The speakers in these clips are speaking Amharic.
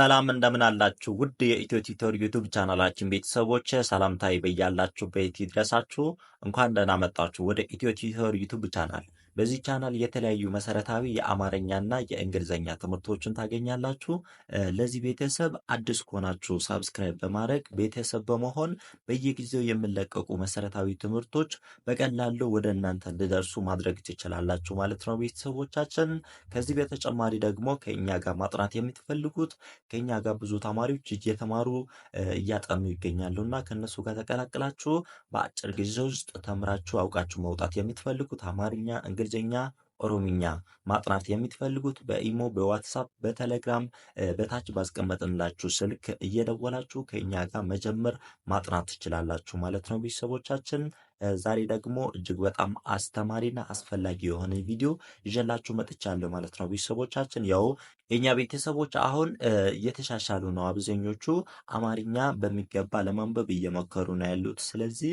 ሰላም እንደምን አላችሁ? ውድ የኢትዮ ቲቶር ዩቱብ ቻናላችን ቤተሰቦች ሰላምታዬ በያላችሁበት ይድረሳችሁ። እንኳን ደህና መጣችሁ ወደ ኢትዮ ቲቶር ዩቱብ ቻናል። በዚህ ቻናል የተለያዩ መሰረታዊ የአማርኛና የእንግሊዝኛ ትምህርቶችን ታገኛላችሁ። ለዚህ ቤተሰብ አዲስ ከሆናችሁ ሳብስክራይብ በማድረግ ቤተሰብ በመሆን በየጊዜው የሚለቀቁ መሰረታዊ ትምህርቶች በቀላሉ ወደ እናንተ እንዲደርሱ ማድረግ ትችላላችሁ ማለት ነው። ቤተሰቦቻችን ከዚህ በተጨማሪ ደግሞ ከእኛ ጋር ማጥናት የምትፈልጉት ከእኛ ጋር ብዙ ተማሪዎች እየተማሩ እያጠኑ ይገኛሉ እና ከእነሱ ጋር ተቀላቅላችሁ በአጭር ጊዜ ውስጥ ተምራችሁ አውቃችሁ መውጣት የምትፈልጉት አማርኛ በግርጅኛ ኦሮምኛ ማጥናት የምትፈልጉት በኢሞ፣ በዋትሳፕ፣ በቴሌግራም በታች ባስቀመጥንላችሁ ስልክ እየደወላችሁ ከእኛ ጋር መጀመር ማጥናት ትችላላችሁ ማለት ነው ቤተሰቦቻችን። ዛሬ ደግሞ እጅግ በጣም አስተማሪና አስፈላጊ የሆነ ቪዲዮ ይዤላችሁ መጥቻለሁ ማለት ነው። ቤተሰቦቻችን ያው የእኛ ቤተሰቦች አሁን እየተሻሻሉ ነው። አብዛኞቹ አማርኛ በሚገባ ለማንበብ እየሞከሩ ነው ያሉት። ስለዚህ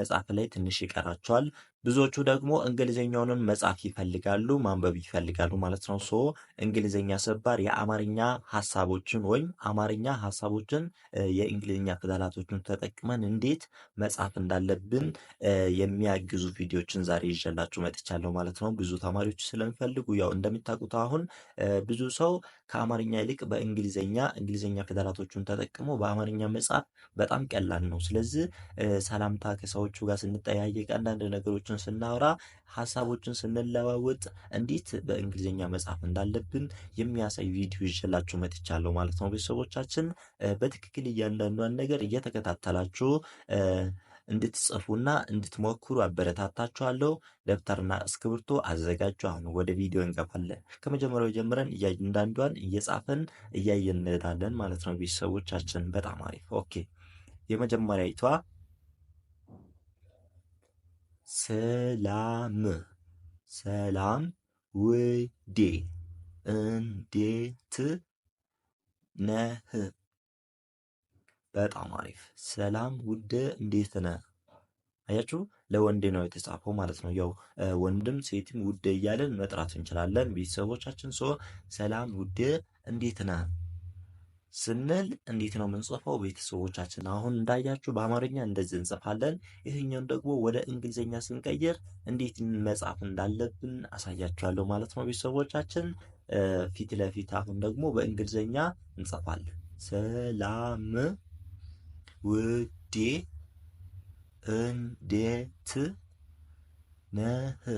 መጽሐፍ ላይ ትንሽ ይቀራቸዋል። ብዙዎቹ ደግሞ እንግሊዝኛውንም መጻፍ ይፈልጋሉ ማንበብ ይፈልጋሉ ማለት ነው። ሶ እንግሊዝኛ ስባር የአማርኛ ሀሳቦችን ወይም አማርኛ ሀሳቦችን የእንግሊዝኛ ፊደላቶችን ተጠቅመን እንዴት መጻፍ እንዳለብን የሚያግዙ ቪዲዮችን ዛሬ ይዤላችሁ መጥቻለሁ ማለት ነው። ብዙ ተማሪዎች ስለሚፈልጉ ያው እንደሚታቁት አሁን ብዙ ሰው ከአማርኛ ይልቅ በእንግሊዝኛ እንግሊዝኛ ፊደላቶቹን ተጠቅሞ በአማርኛ መጻፍ በጣም ቀላል ነው። ስለዚህ ሰላምታ ከሰዎቹ ጋር ስንጠያየቅ፣ አንዳንድ ነገሮችን ስናወራ፣ ሀሳቦችን ስንለዋወጥ እንዴት በእንግሊዝኛ መጻፍ እንዳለብን የሚያሳይ ቪዲዮ ይዤላችሁ መጥቻለሁ ማለት ነው። ቤተሰቦቻችን በትክክል እያንዳንዷን ነገር እየተከታተላችሁ እንድትጽፉና እንድትሞክሩ አበረታታችኋለሁ። ደብተርና እስክብርቶ አዘጋጁ። አሁን ወደ ቪዲዮ እንገባለን። ከመጀመሪያው ጀምረን እያንዳንዷን እየጻፈን እያየን እንሄዳለን ማለት ነው። ቤተሰቦቻችን በጣም አሪፍ ኦኬ። ይቷ ሰላም ሰላም ውዴ እንዴት ነህ በጣም አሪፍ ሰላም ውድ እንዴት ነ አያችሁ ለወንድ ነው የተጻፈው ማለት ነው። ያው ወንድም ሴትም ውድ እያለን መጥራት እንችላለን። ቤተሰቦቻችን ሶ ሰላም ውድ እንዴት ነ ስንል እንዴት ነው የምንጽፈው? ቤተሰቦቻችን አሁን እንዳያችሁ በአማርኛ እንደዚህ እንጽፋለን። ይህኛውን ደግሞ ወደ እንግሊዝኛ ስንቀይር እንዴት መጻፍ እንዳለብን አሳያችኋለሁ ማለት ነው። ቤተሰቦቻችን ፊት ለፊት አሁን ደግሞ በእንግሊዝኛ እንጽፋለን። ሰላም ውዴ እንዴት ነህ?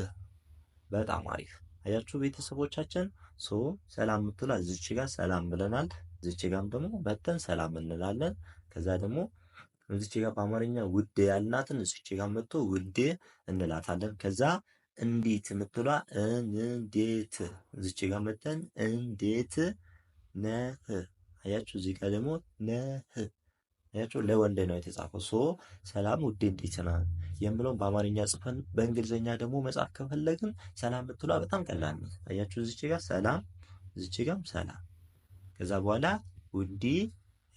በጣም አሪፍ አያችሁ ቤተሰቦቻችን። ሶ ሰላም ምትላ እዚች ጋር ሰላም ብለናል። እዚች ጋም ደግሞ መተን ሰላም እንላለን። ከዛ ደግሞ እዚች ጋር በአማርኛ ውዴ ያልናትን እዚች ጋር መጥቶ ውዴ እንላታለን። ከዛ እንዴት ምትሏ እንዴት እዚች ጋር መተን እንዴት ነህ? አያችሁ እዚህ ጋር ደግሞ ነህ ያቸው ለወንድ ነው የተጻፈው። ሶ ሰላም ውዴ እንዴት ነህ የምለውን በአማርኛ ጽፈን በእንግሊዝኛ ደግሞ መጻፍ ከፈለግን ሰላም ብትሏ በጣም ቀላል ነው። አያችሁ እዚች ጋር ሰላም፣ እዚች ጋም ሰላም። ከዛ በኋላ ውዲ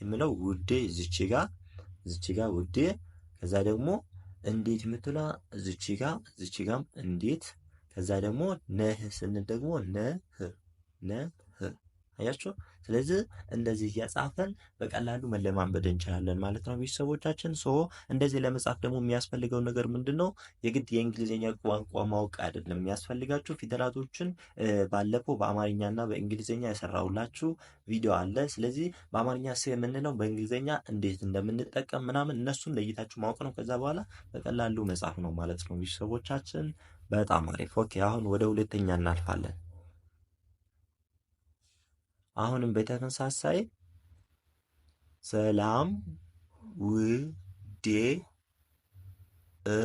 የምለው ውዴ እዚች ጋ እዚች ጋ ውዴ። ከዛ ደግሞ እንዴት የምትሏ እዚች ጋ እዚች ጋም እንዴት። ከዛ ደግሞ ነህ ስንል ደግሞ ነህ ነህ። አያችሁ ስለዚህ እንደዚህ እያጻፈን በቀላሉ መለማንበድ እንችላለን ማለት ነው ቤተሰቦቻችን። ሶ እንደዚህ ለመጻፍ ደግሞ የሚያስፈልገው ነገር ምንድን ነው? የግድ የእንግሊዝኛ ቋንቋ ማወቅ አይደለም የሚያስፈልጋችሁ። ፊደላቶችን ባለፈው በአማርኛና በእንግሊዝኛ የሰራውላችሁ ቪዲዮ አለ። ስለዚህ በአማርኛ ስ የምንለው በእንግሊዝኛ እንዴት እንደምንጠቀም ምናምን እነሱን ለይታችሁ ማወቅ ነው። ከዛ በኋላ በቀላሉ መጻፍ ነው ማለት ነው ቤተሰቦቻችን። በጣም አሪፍ ኦኬ። አሁን ወደ ሁለተኛ እናልፋለን። አሁንም በተመሳሳይ ሰላም ውዴ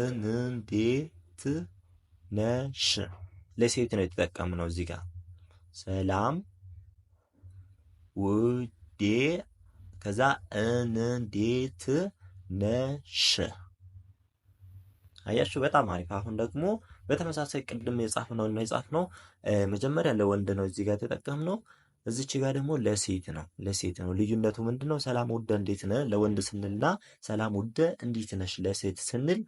እንዴት ነሽ? ለሴት ነው የተጠቀምነው እዚህ ጋር ሰላም ውዴ ከዛ እንዴት ነሽ? አያችሁ በጣም አሪፍ። አሁን ደግሞ በተመሳሳይ ቅድም የጻፍነው እና የጻፍነው መጀመሪያ ለወንድ ነው እዚህ ጋር የተጠቀምነው እዚች ጋር ደግሞ ለሴት ነው ለሴት ነው። ልዩነቱ ምንድነው? ሰላም ወደ እንዴት ነ ለወንድ ስንልና ሰላም ወደ እንዴት ነሽ ለሴት ስንል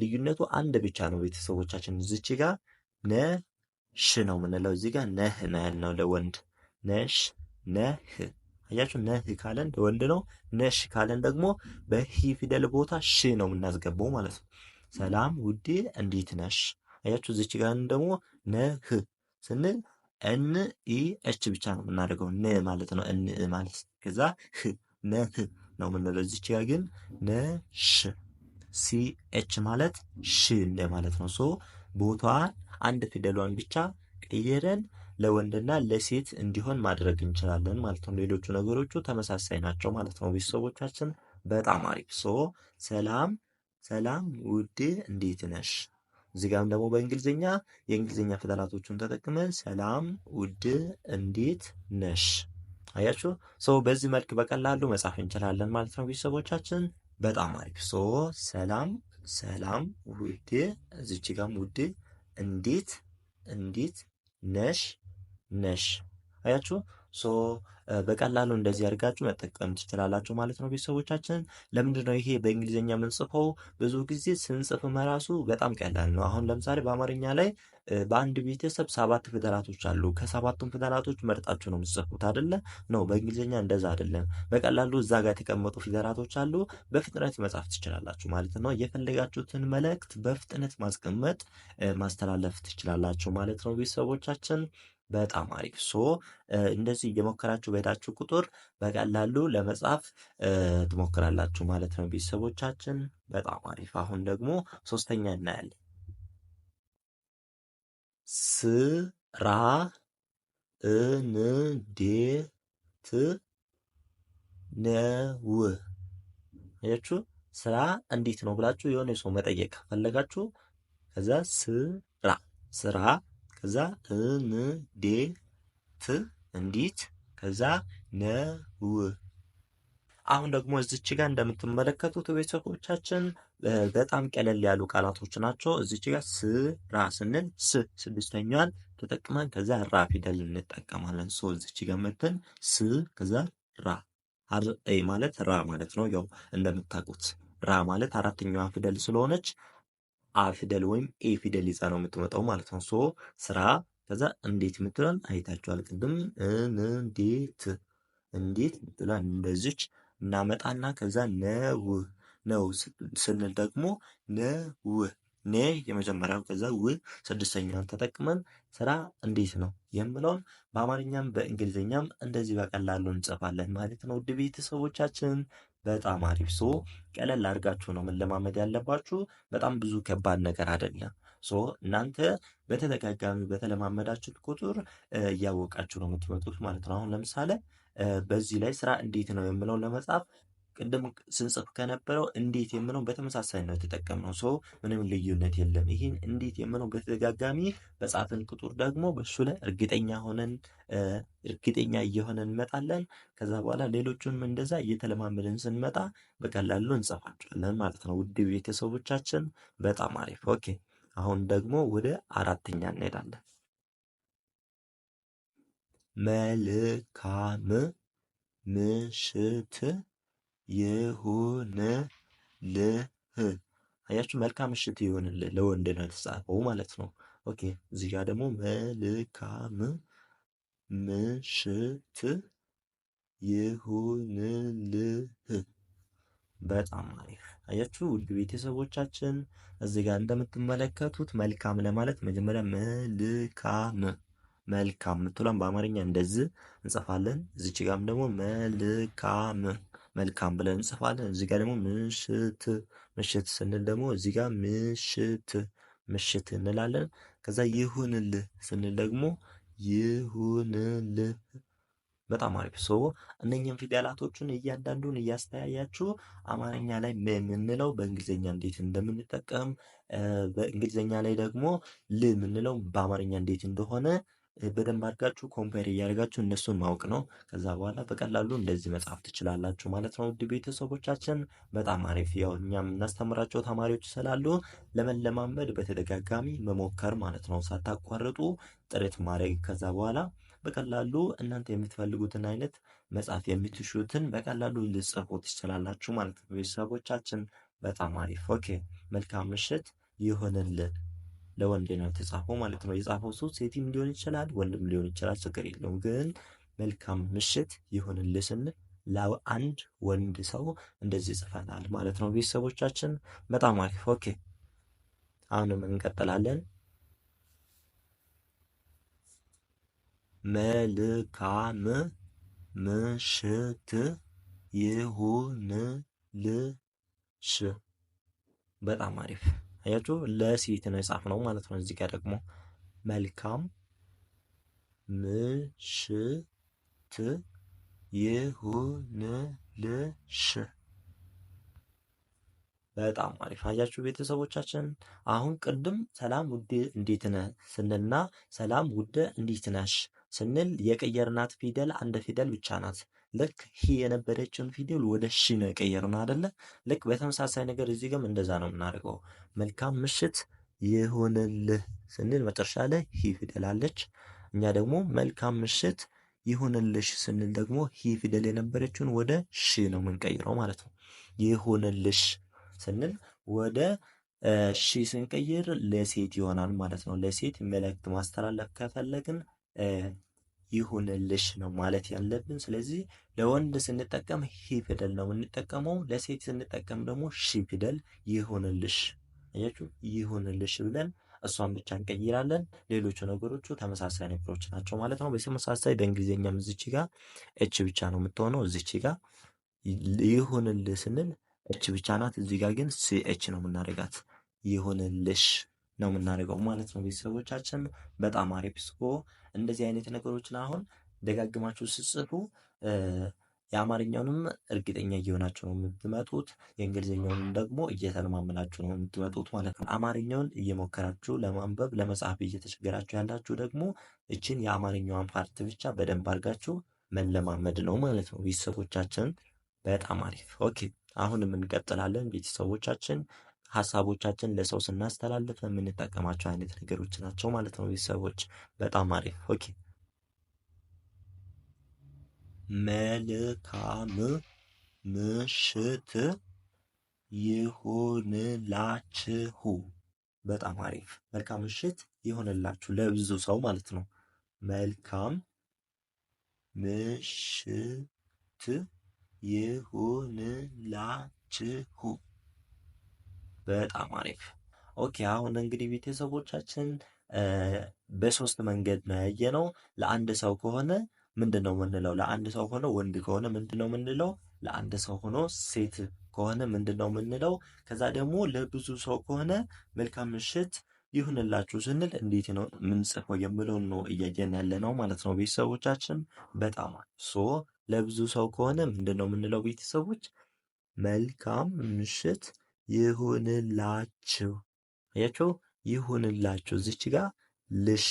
ልዩነቱ አንድ ብቻ ነው። ቤተሰቦቻችን እዚች ጋር ነሽ ነው ምንለው፣ እዚህ ጋር ነህ ነው ያልነው ለወንድ ነሽ ነህ አያችሁ ነህ ካለን ለወንድ ነው። ነሽ ካለን ደግሞ በሂ ፊደል ቦታ ሽ ነው የምናስገባው ማለት ነው። ሰላም ውዴ እንዴት ነሽ። አያችሁ እዚች ጋር ደግሞ ነህ ስንል ኤን ኢ ኤች ብቻ ነው የምናደርገው ን ማለት ነው። ኤን ኢ ማለት ከዛ ህ ነህ ነው የምንለው። እዚች ጋ ግን ሽ ሲ ኤች ማለት ሽ እንደ ማለት ነው። ሶ ቦታዋን አንድ ፊደሏን ብቻ ቀይረን ለወንድና ለሴት እንዲሆን ማድረግ እንችላለን ማለት ነው። ሌሎቹ ነገሮቹ ተመሳሳይ ናቸው ማለት ነው። ቤተሰቦቻችን በጣም አሪፍ ሶ ሰላም ሰላም ውዴ እንዴት ነሽ? እዚህ ጋም ደግሞ በእንግሊዝኛ የእንግሊዝኛ ፊደላቶቹን ተጠቅመን ሰላም፣ ውድ፣ እንዴት ነሽ። አያችሁ ሰው በዚህ መልክ በቀላሉ መጻፍ እንችላለን ማለት ነው ቤተሰቦቻችን። በጣም አሪፍ ሶ ሰላም ሰላም ውድ እዚች ጋም ውድ እንዴት እንዴት ነሽ ነሽ አያችሁ ሶ በቀላሉ እንደዚህ አድርጋችሁ መጠቀም ትችላላችሁ ማለት ነው። ቤተሰቦቻችን ለምንድን ነው ይሄ በእንግሊዝኛ የምንጽፈው? ብዙ ጊዜ ስንጽፍም ራሱ በጣም ቀላል ነው። አሁን ለምሳሌ በአማርኛ ላይ በአንድ ቤተሰብ ሰባት ፊደላቶች አሉ። ከሰባቱም ፊደላቶች መርጣችሁ ነው የምትጽፉት አደለ? ነው በእንግሊዝኛ እንደዛ አይደለም። በቀላሉ እዛ ጋር የተቀመጡ ፊደላቶች አሉ። በፍጥነት መጻፍ ትችላላችሁ ማለት ነው። የፈለጋችሁትን መልእክት በፍጥነት ማስቀመጥ ማስተላለፍ ትችላላችሁ ማለት ነው ቤተሰቦቻችን በጣም አሪፍ ሶ እንደዚህ እየሞከራችሁ በሄዳችሁ ቁጥር በቀላሉ ለመጻፍ ትሞክራላችሁ ማለት ነው። ቤተሰቦቻችን በጣም አሪፍ። አሁን ደግሞ ሶስተኛ እናያለን። ስራ እንዴት ነው? አያችሁ ስራ እንዴት ነው ብላችሁ የሆነ ሰው መጠየቅ ከፈለጋችሁ ከዛ ስራ ስራ ከዛ እንዴት እንዲት ከዛ ነው። አሁን ደግሞ እዚች ጋር እንደምትመለከቱት ቤተሰቦቻችን በጣም ቀለል ያሉ ቃላቶች ናቸው። እዚች ጋር ስራ ስንል ስ ስድስተኛዋን ተጠቅመን ከዛ ራ ፊደል እንጠቀማለን። ሶ እዚች ጋር መተን ስ ከዛ ራ አር ማለት ራ ማለት ነው። ያው እንደምታውቁት ራ ማለት አራተኛዋ ፊደል ስለሆነች አፊደል ወይም ኤ ፊደል ይዛ ነው የምትመጣው ማለት ነው። ሶ ስራ ከዛ እንዴት የምትላል አይታችኋል ቅድም። እንዴት እንዴት የምትላል እንደዚች እናመጣና ከዛ ነው ነው ስንል ደግሞ ነው ነ የመጀመሪያው ከዛ ው ስድስተኛውን ተጠቅመን ስራ እንዴት ነው የምለውን በአማርኛም በእንግሊዝኛም እንደዚህ በቀላሉ እንጽፋለን ማለት ነው። ውድ ቤተሰቦቻችን በጣም አሪፍ ሶ ቀለል አድርጋችሁ ነው መለማመድ ያለባችሁ። በጣም ብዙ ከባድ ነገር አይደለም። ሶ እናንተ በተደጋጋሚ በተለማመዳችሁት ቁጥር እያወቃችሁ ነው የምትመጡት ማለት ነው። አሁን ለምሳሌ በዚህ ላይ ስራ እንዴት ነው የምለውን ለመጻፍ ቅድም ስንጽፍ ከነበረው እንዴት የምለው በተመሳሳይ ነው የተጠቀምነው። ሰው ምንም ልዩነት የለም። ይህን እንዴት የምለው በተደጋጋሚ በጻፍን ቁጥር ደግሞ በሱ ላይ እርግጠኛ ሆነን እርግጠኛ እየሆነን እንመጣለን። ከዛ በኋላ ሌሎቹንም እንደዛ እየተለማመድን ስንመጣ በቀላሉ እንጽፋቸዋለን ማለት ነው። ውድ ቤተሰቦቻችን በጣም አሪፍ። ኦኬ አሁን ደግሞ ወደ አራተኛ እንሄዳለን። መልካም ምሽት ይሁንልህ። አያችሁ መልካም ምሽት ይሆንልህ ለወንድ ነው የተጻፈው ማለት ነው። ኦኬ እዚህ ጋር ደግሞ መልካም ምሽት ይሁንልህ። በጣም አሪፍ አያችሁ ውድ ቤተሰቦቻችን፣ እዚህ ጋር እንደምትመለከቱት መልካም ለማለት መጀመሪያ መልካም መልካም ምትሏን በአማርኛ እንደዚህ እንጽፋለን። እዚች ጋም ደግሞ መልካም መልካም ብለን እንጽፋለን። እዚህ ጋር ደግሞ ምሽት ምሽት ስንል ደግሞ እዚህ ጋር ምሽት ምሽት እንላለን። ከዛ ይሁንልህ ስንል ደግሞ ይሁንልህ። በጣም አሪፍ ሶ እነኝህን ፊደላቶቹን እያንዳንዱን እያስተያያችሁ አማርኛ ላይ የምንለው በእንግሊዝኛ እንዴት እንደምንጠቀም በእንግሊዝኛ ላይ ደግሞ ል የምንለው በአማርኛ እንዴት እንደሆነ በደንብ አድርጋችሁ ኮምፔር እያደረጋችሁ እነሱን ማወቅ ነው። ከዛ በኋላ በቀላሉ እንደዚህ መጻፍ ትችላላችሁ ማለት ነው። ውድ ቤተሰቦቻችን በጣም አሪፍ። ያው እኛም እናስተምራቸው ተማሪዎች ስላሉ ለመለማመድ በተደጋጋሚ መሞከር ማለት ነው። ሳታቋርጡ ጥረት ማድረግ ከዛ በኋላ በቀላሉ እናንተ የምትፈልጉትን አይነት መጻፍ የምትሹትን በቀላሉ ልጽፉ ትችላላችሁ ማለት ነው። ቤተሰቦቻችን በጣም አሪፍ ኦኬ። መልካም ምሽት ይሆንልን። ለወንድ ነው የተጻፈው ማለት ነው። የጻፈው ሰው ሴትም ሊሆን ይችላል፣ ወንድም ሊሆን ይችላል። ችግር የለውም። ግን መልካም ምሽት ይሁንልህ ስንል ለአንድ ወንድ ሰው እንደዚህ ጽፈናል ማለት ነው። ቤተሰቦቻችን በጣም አሪፍ። ኦኬ አሁንም እንቀጥላለን። መልካም ምሽት ይሁንልሽ። በጣም አሪፍ አያችሁ ለሴት ነው የጻፍነው ማለት ነው። እዚህ ጋር ደግሞ መልካም ምሽት ይሁንልሽ። በጣም አሪፍ አያችሁ ቤተሰቦቻችን። አሁን ቅድም ሰላም ውድ እንዴት ነህ ስንልና ሰላም ውድ እንዴት ነሽ ስንል የቀየርናት ፊደል አንድ ፊደል ብቻ ናት። ልክ ሂ የነበረችውን ፊደል ወደ ሺ ነው የቀየርን አደለ? ልክ በተመሳሳይ ነገር እዚህ ግም እንደዛ ነው የምናደርገው። መልካም ምሽት ይሁንልህ ስንል መጨረሻ ላይ ሂ ፊደል አለች። እኛ ደግሞ መልካም ምሽት ይሁንልሽ ስንል ደግሞ ሂ ፊደል የነበረችውን ወደ ሺ ነው የምንቀይረው ማለት ነው። ይሁንልሽ ስንል ወደ ሺ ስንቀይር ለሴት ይሆናል ማለት ነው። ለሴት መልእክት ማስተላለፍ ከፈለግን ይሁንልሽ ነው ማለት ያለብን። ስለዚህ ለወንድ ስንጠቀም ሂ ፊደል ነው የምንጠቀመው። ለሴት ስንጠቀም ደግሞ ሺ ፊደል ይሁንልሽ። አያችሁ፣ ይሁንልሽ ብለን እሷን ብቻ እንቀይራለን። ሌሎቹ ነገሮቹ ተመሳሳይ ነገሮች ናቸው ማለት ነው። በተመሳሳይ በእንግሊዝኛም እዚች ጋ እች ብቻ ነው የምትሆነው። እዚች ጋ ይሁንልህ ስንል እች ብቻ ናት። እዚህ ጋ ግን ሲ ኤች ነው የምናደርጋት ይሁንልሽ ነው የምናደርገው ማለት ነው። ቤተሰቦቻችን በጣም አሪፍ ስኮ እንደዚህ አይነት ነገሮችን አሁን ደጋግማችሁ ስጽፉ የአማርኛውንም እርግጠኛ እየሆናችሁ ነው የምትመጡት፣ የእንግሊዝኛውንም ደግሞ እየተለማመናችሁ ነው የምትመጡት ማለት ነው። አማርኛውን እየሞከራችሁ ለማንበብ ለመጻፍ እየተቸገራችሁ ያላችሁ ደግሞ እችን የአማርኛዋን ፓርት ብቻ በደንብ አድርጋችሁ መለማመድ ነው ማለት ነው። ቤተሰቦቻችን በጣም አሪፍ ኦኬ። አሁንም እንቀጥላለን ቤተሰቦቻችን ሀሳቦቻችን ለሰው ስናስተላልፍ የምንጠቀማቸው አይነት ነገሮች ናቸው ማለት ነው። ቤተሰቦች በጣም አሪፍ ኦኬ። መልካም ምሽት ይሆንላችሁ። በጣም አሪፍ መልካም ምሽት ይሆንላችሁ ለብዙ ሰው ማለት ነው። መልካም ምሽት ይሆንላችሁ። በጣም አሪፍ። ኦኬ አሁን እንግዲህ ቤተሰቦቻችን በሶስት መንገድ ነው ያየነው። ለአንድ ሰው ከሆነ ምንድን ነው ምንለው? ለአንድ ሰው ሆነ ወንድ ከሆነ ምንድን ነው ምንለው? ለአንድ ሰው ሆኖ ሴት ከሆነ ምንድን ነው ምንለው? ከዛ ደግሞ ለብዙ ሰው ከሆነ መልካም ምሽት ይሁንላችሁ ስንል እንዴት ነው ምንጽፈው የምለውን ነው እያየን ያለ ነው ማለት ነው ቤተሰቦቻችን። በጣም ሶ ለብዙ ሰው ከሆነ ምንድን ነው ምንለው ቤተሰቦች መልካም ምሽት ይሁንላችሁ። አያችሁ፣ ይሁንላችሁ። እዚች ጋር ልሽ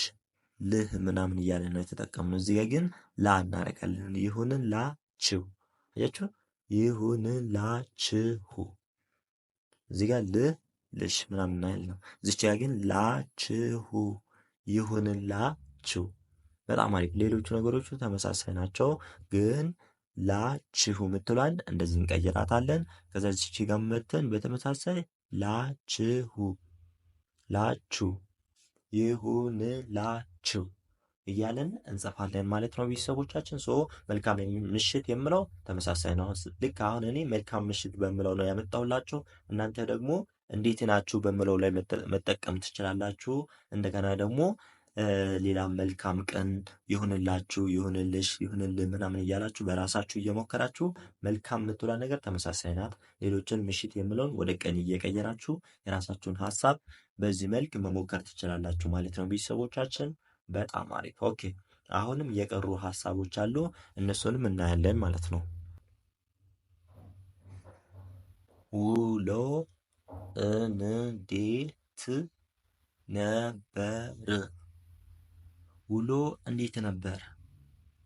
ልህ ምናምን እያለ ነው የተጠቀምነው። እዚህ ጋ ግን ላ እናረቃለን። ይሁንላችሁ። አያችሁ፣ ይሁንላችሁ። እዚህ ጋ ልህ ልሽ ምናምን እናያል ነው። እዚች ጋ ግን ላችሁ፣ ይሁንላችሁ። በጣም አሪፍ። ሌሎቹ ነገሮቹ ተመሳሳይ ናቸው ግን ላችሁ ምትሏን እንደዚህ እንቀይራታለን። ከዛ ቺ ጋር መተን በተመሳሳይ ላችሁ ላችሁ ይሁንላችሁ እያለን እንጽፋለን ማለት ነው። ቤተሰቦቻችን ሶ መልካም ምሽት የምለው ተመሳሳይ ነው። ልክ አሁን እኔ መልካም ምሽት በምለው ነው ያመጣሁላችሁ። እናንተ ደግሞ እንዴት ናችሁ በምለው ላይ መጠቀም ትችላላችሁ። እንደገና ደግሞ ሌላም መልካም ቀን ይሁንላችሁ፣ ይሁንልሽ፣ ይሁንልህ ምናምን እያላችሁ በራሳችሁ እየሞከራችሁ መልካም የምትውላ ነገር ተመሳሳይ ናት። ሌሎችን ምሽት የምለውን ወደ ቀን እየቀየራችሁ የራሳችሁን ሀሳብ በዚህ መልክ መሞከር ትችላላችሁ ማለት ነው። ቤተሰቦቻችን በጣም አሪፍ ኦኬ። አሁንም የቀሩ ሀሳቦች አሉ፣ እነሱንም እናያለን ማለት ነው። ውሎ እንዴት ነበር? ውሎ እንዴት ነበር?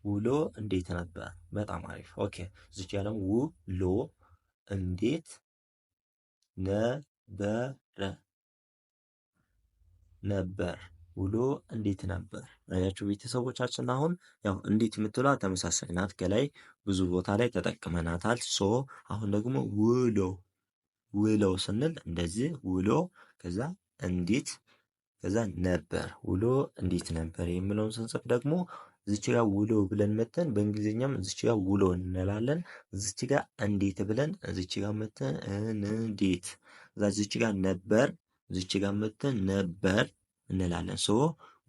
ውሎ እንዴት ነበር? በጣም አሪፍ ኦኬ። እዚች ጋር ውሎ እንዴት ነበረ ነበር ውሎ እንዴት ነበር? አያችሁ ቤተሰቦቻችን፣ አሁን ያው እንዴት የምትሏ ተመሳሳይ ናት። ከላይ ብዙ ቦታ ላይ ተጠቅመናታል። ሶ አሁን ደግሞ ውሎ ውሎ ስንል እንደዚህ ውሎ ከዛ እንዴት ከዛ ነበር ውሎ እንዴት ነበር የሚለውን ስንጽፍ ደግሞ እዚች ጋር ውሎ ብለን መተን በእንግሊዝኛም እዚች ጋር ውሎ እንላለን። እዚች ጋር እንዴት ብለን እዚች ጋር መተን እንዴት፣ እዛ እዚች ጋር ነበር፣ እዚች ጋር መተን ነበር እንላለን። ሶ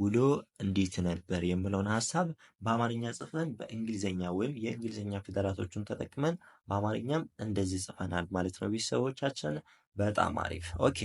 ውሎ እንዴት ነበር የሚለውን ሀሳብ በአማርኛ ጽፈን በእንግሊዝኛ ወይም የእንግሊዝኛ ፊደላቶቹን ተጠቅመን በአማርኛም እንደዚህ ጽፈናል ማለት ነው። ቤተሰቦቻችን በጣም አሪፍ ኦኬ።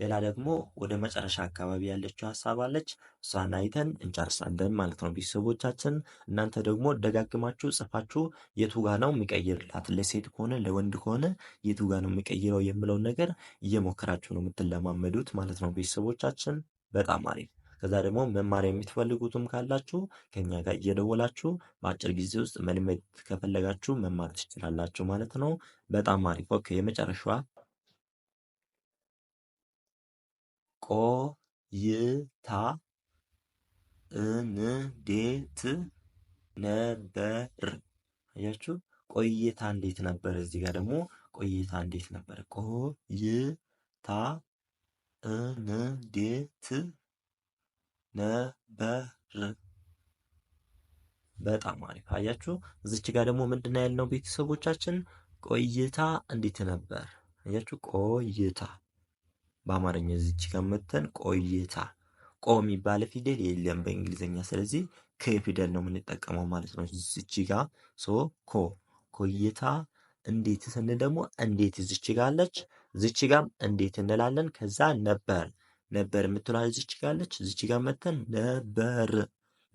ሌላ ደግሞ ወደ መጨረሻ አካባቢ ያለችው ሀሳብ አለች። እሷን አይተን እንጨርሳለን ማለት ነው ቤተሰቦቻችን። እናንተ ደግሞ ደጋግማችሁ ጽፋችሁ የቱ ጋ ነው የሚቀይርላት ለሴት ከሆነ ለወንድ ከሆነ የቱ ጋ ነው የሚቀይረው የምለውን ነገር እየሞከራችሁ ነው የምትለማመዱት ማለት ነው ቤተሰቦቻችን። በጣም አሪፍ። ከዛ ደግሞ መማር የምትፈልጉትም ካላችሁ ከኛ ጋር እየደወላችሁ በአጭር ጊዜ ውስጥ መልመድ ከፈለጋችሁ መማር ትችላላችሁ ማለት ነው። በጣም አሪፍ ኦኬ። የመጨረሻዋ ቆይታ እንዴት ነበር? አያችሁ ቆይታ እንዴት ነበር? እዚህ ጋር ደግሞ ቆይታ እንዴት ነበር? ቆይታ እንዴት ነበር? በጣም አሪፍ አያችሁ። እዚች ጋር ደግሞ ምንድን ነው ያልነው ቤተሰቦቻችን? ቆይታ እንዴት ነበር? አያችሁ ቆይታ በአማርኛ እዚች ጋር ቆይታ ቆ የሚባለ ፊደል የለም በእንግሊዝኛ። ስለዚህ ፊደል ነው የምንጠቀመው ማለት ነው እዚች ጋ ሶ ኮ ቆይታ እንዴት ስንል ደግሞ እንዴት እዚች ጋር አለች፣ እዚች ጋም እንዴት እንላለን። ከዛ ነበር ነበር የምትለው እዚች ጋር አለች፣ እዚች ጋር ነበር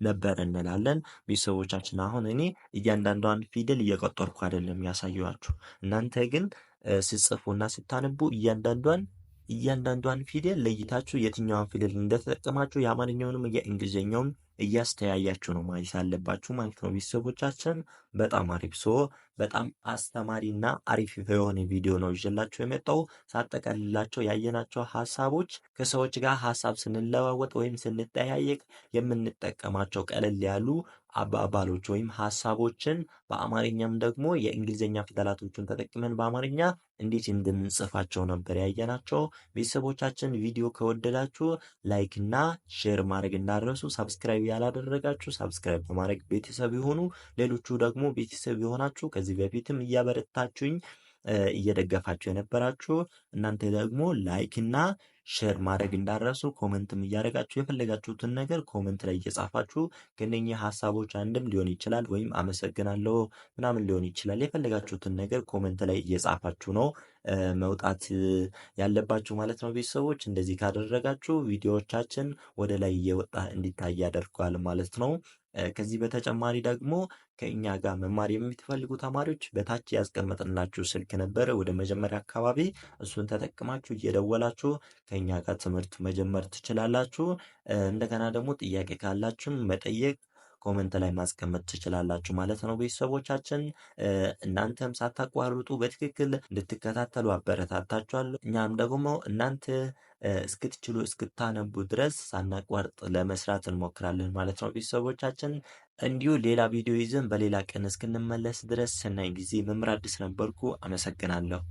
ነበር እንላለን። ቤተሰቦቻችን አሁን እኔ እያንዳንዷን ፊደል እየቆጠርኩ አይደለም ያሳየኋችሁ። እናንተ ግን ስጽፉ እና ስታነቡ እያንዳንዷን እያንዳንዷን ፊደል ለይታችሁ የትኛዋን ፊደል እንደተጠቀማችሁ የአማርኛውንም የእንግሊዝኛውን እያስተያያችሁ ነው ማለት ያለባችሁ ማለት ነው። ቤተሰቦቻችን በጣም አሪፍ ሶ በጣም አስተማሪና አሪፍ የሆነ ቪዲዮ ነው ይዤላችሁ የመጣው። ሳጠቃልላቸው ያየናቸው ሀሳቦች ከሰዎች ጋር ሀሳብ ስንለዋወጥ ወይም ስንጠያየቅ የምንጠቀማቸው ቀለል ያሉ አባባሎች ወይም ሀሳቦችን በአማርኛም ደግሞ የእንግሊዝኛ ፊደላቶችን ተጠቅመን በአማርኛ እንዴት እንድንጽፋቸው ነበር ያየናቸው። ቤተሰቦቻችን ቪዲዮ ከወደዳችሁ ላይክና ሼር ማድረግ እንዳረሱ ሳብስክራይብ ያላደረጋችሁ ሳብስክራይብ በማድረግ ቤተሰብ የሆኑ ሌሎቹ ደግሞ ቤተሰብ የሆናችሁ ከዚህ በፊትም እያበረታችሁኝ እየደገፋችሁ የነበራችሁ እናንተ ደግሞ እና ሼር ማድረግ እንዳረሱ ኮመንትም እያደረጋችሁ የፈለጋችሁትን ነገር ኮመንት ላይ እየጻፋችሁ ከነኚህ ሀሳቦች አንድም ሊሆን ይችላል ወይም አመሰግናለሁ ምናምን ሊሆን ይችላል። የፈለጋችሁትን ነገር ኮመንት ላይ እየጻፋችሁ ነው መውጣት ያለባችሁ ማለት ነው። ቤተሰቦች እንደዚህ ካደረጋችሁ ቪዲዮዎቻችን ወደ ላይ እየወጣ እንዲታይ ያደርገዋል ማለት ነው። ከዚህ በተጨማሪ ደግሞ ከእኛ ጋር መማር የምትፈልጉ ተማሪዎች በታች ያስቀመጥናችሁ ስልክ ነበረ ወደ መጀመሪያ አካባቢ፣ እሱን ተጠቅማችሁ እየደወላችሁ ከእኛ ጋር ትምህርት መጀመር ትችላላችሁ። እንደገና ደግሞ ጥያቄ ካላችሁም መጠየቅ ኮመንት ላይ ማስቀመጥ ትችላላችሁ ማለት ነው። ቤተሰቦቻችን እናንተም ሳታቋርጡ በትክክል እንድትከታተሉ አበረታታችኋለሁ። እኛም ደግሞ እናንተ እስክትችሉ እስክታነቡ ድረስ ሳናቋርጥ ለመስራት እንሞክራለን ማለት ነው። ቤተሰቦቻችን እንዲሁ ሌላ ቪዲዮ ይዘን በሌላ ቀን እስክንመለስ ድረስ ሰናይ ጊዜ። መምህር አዲስ ነበርኩ። አመሰግናለሁ።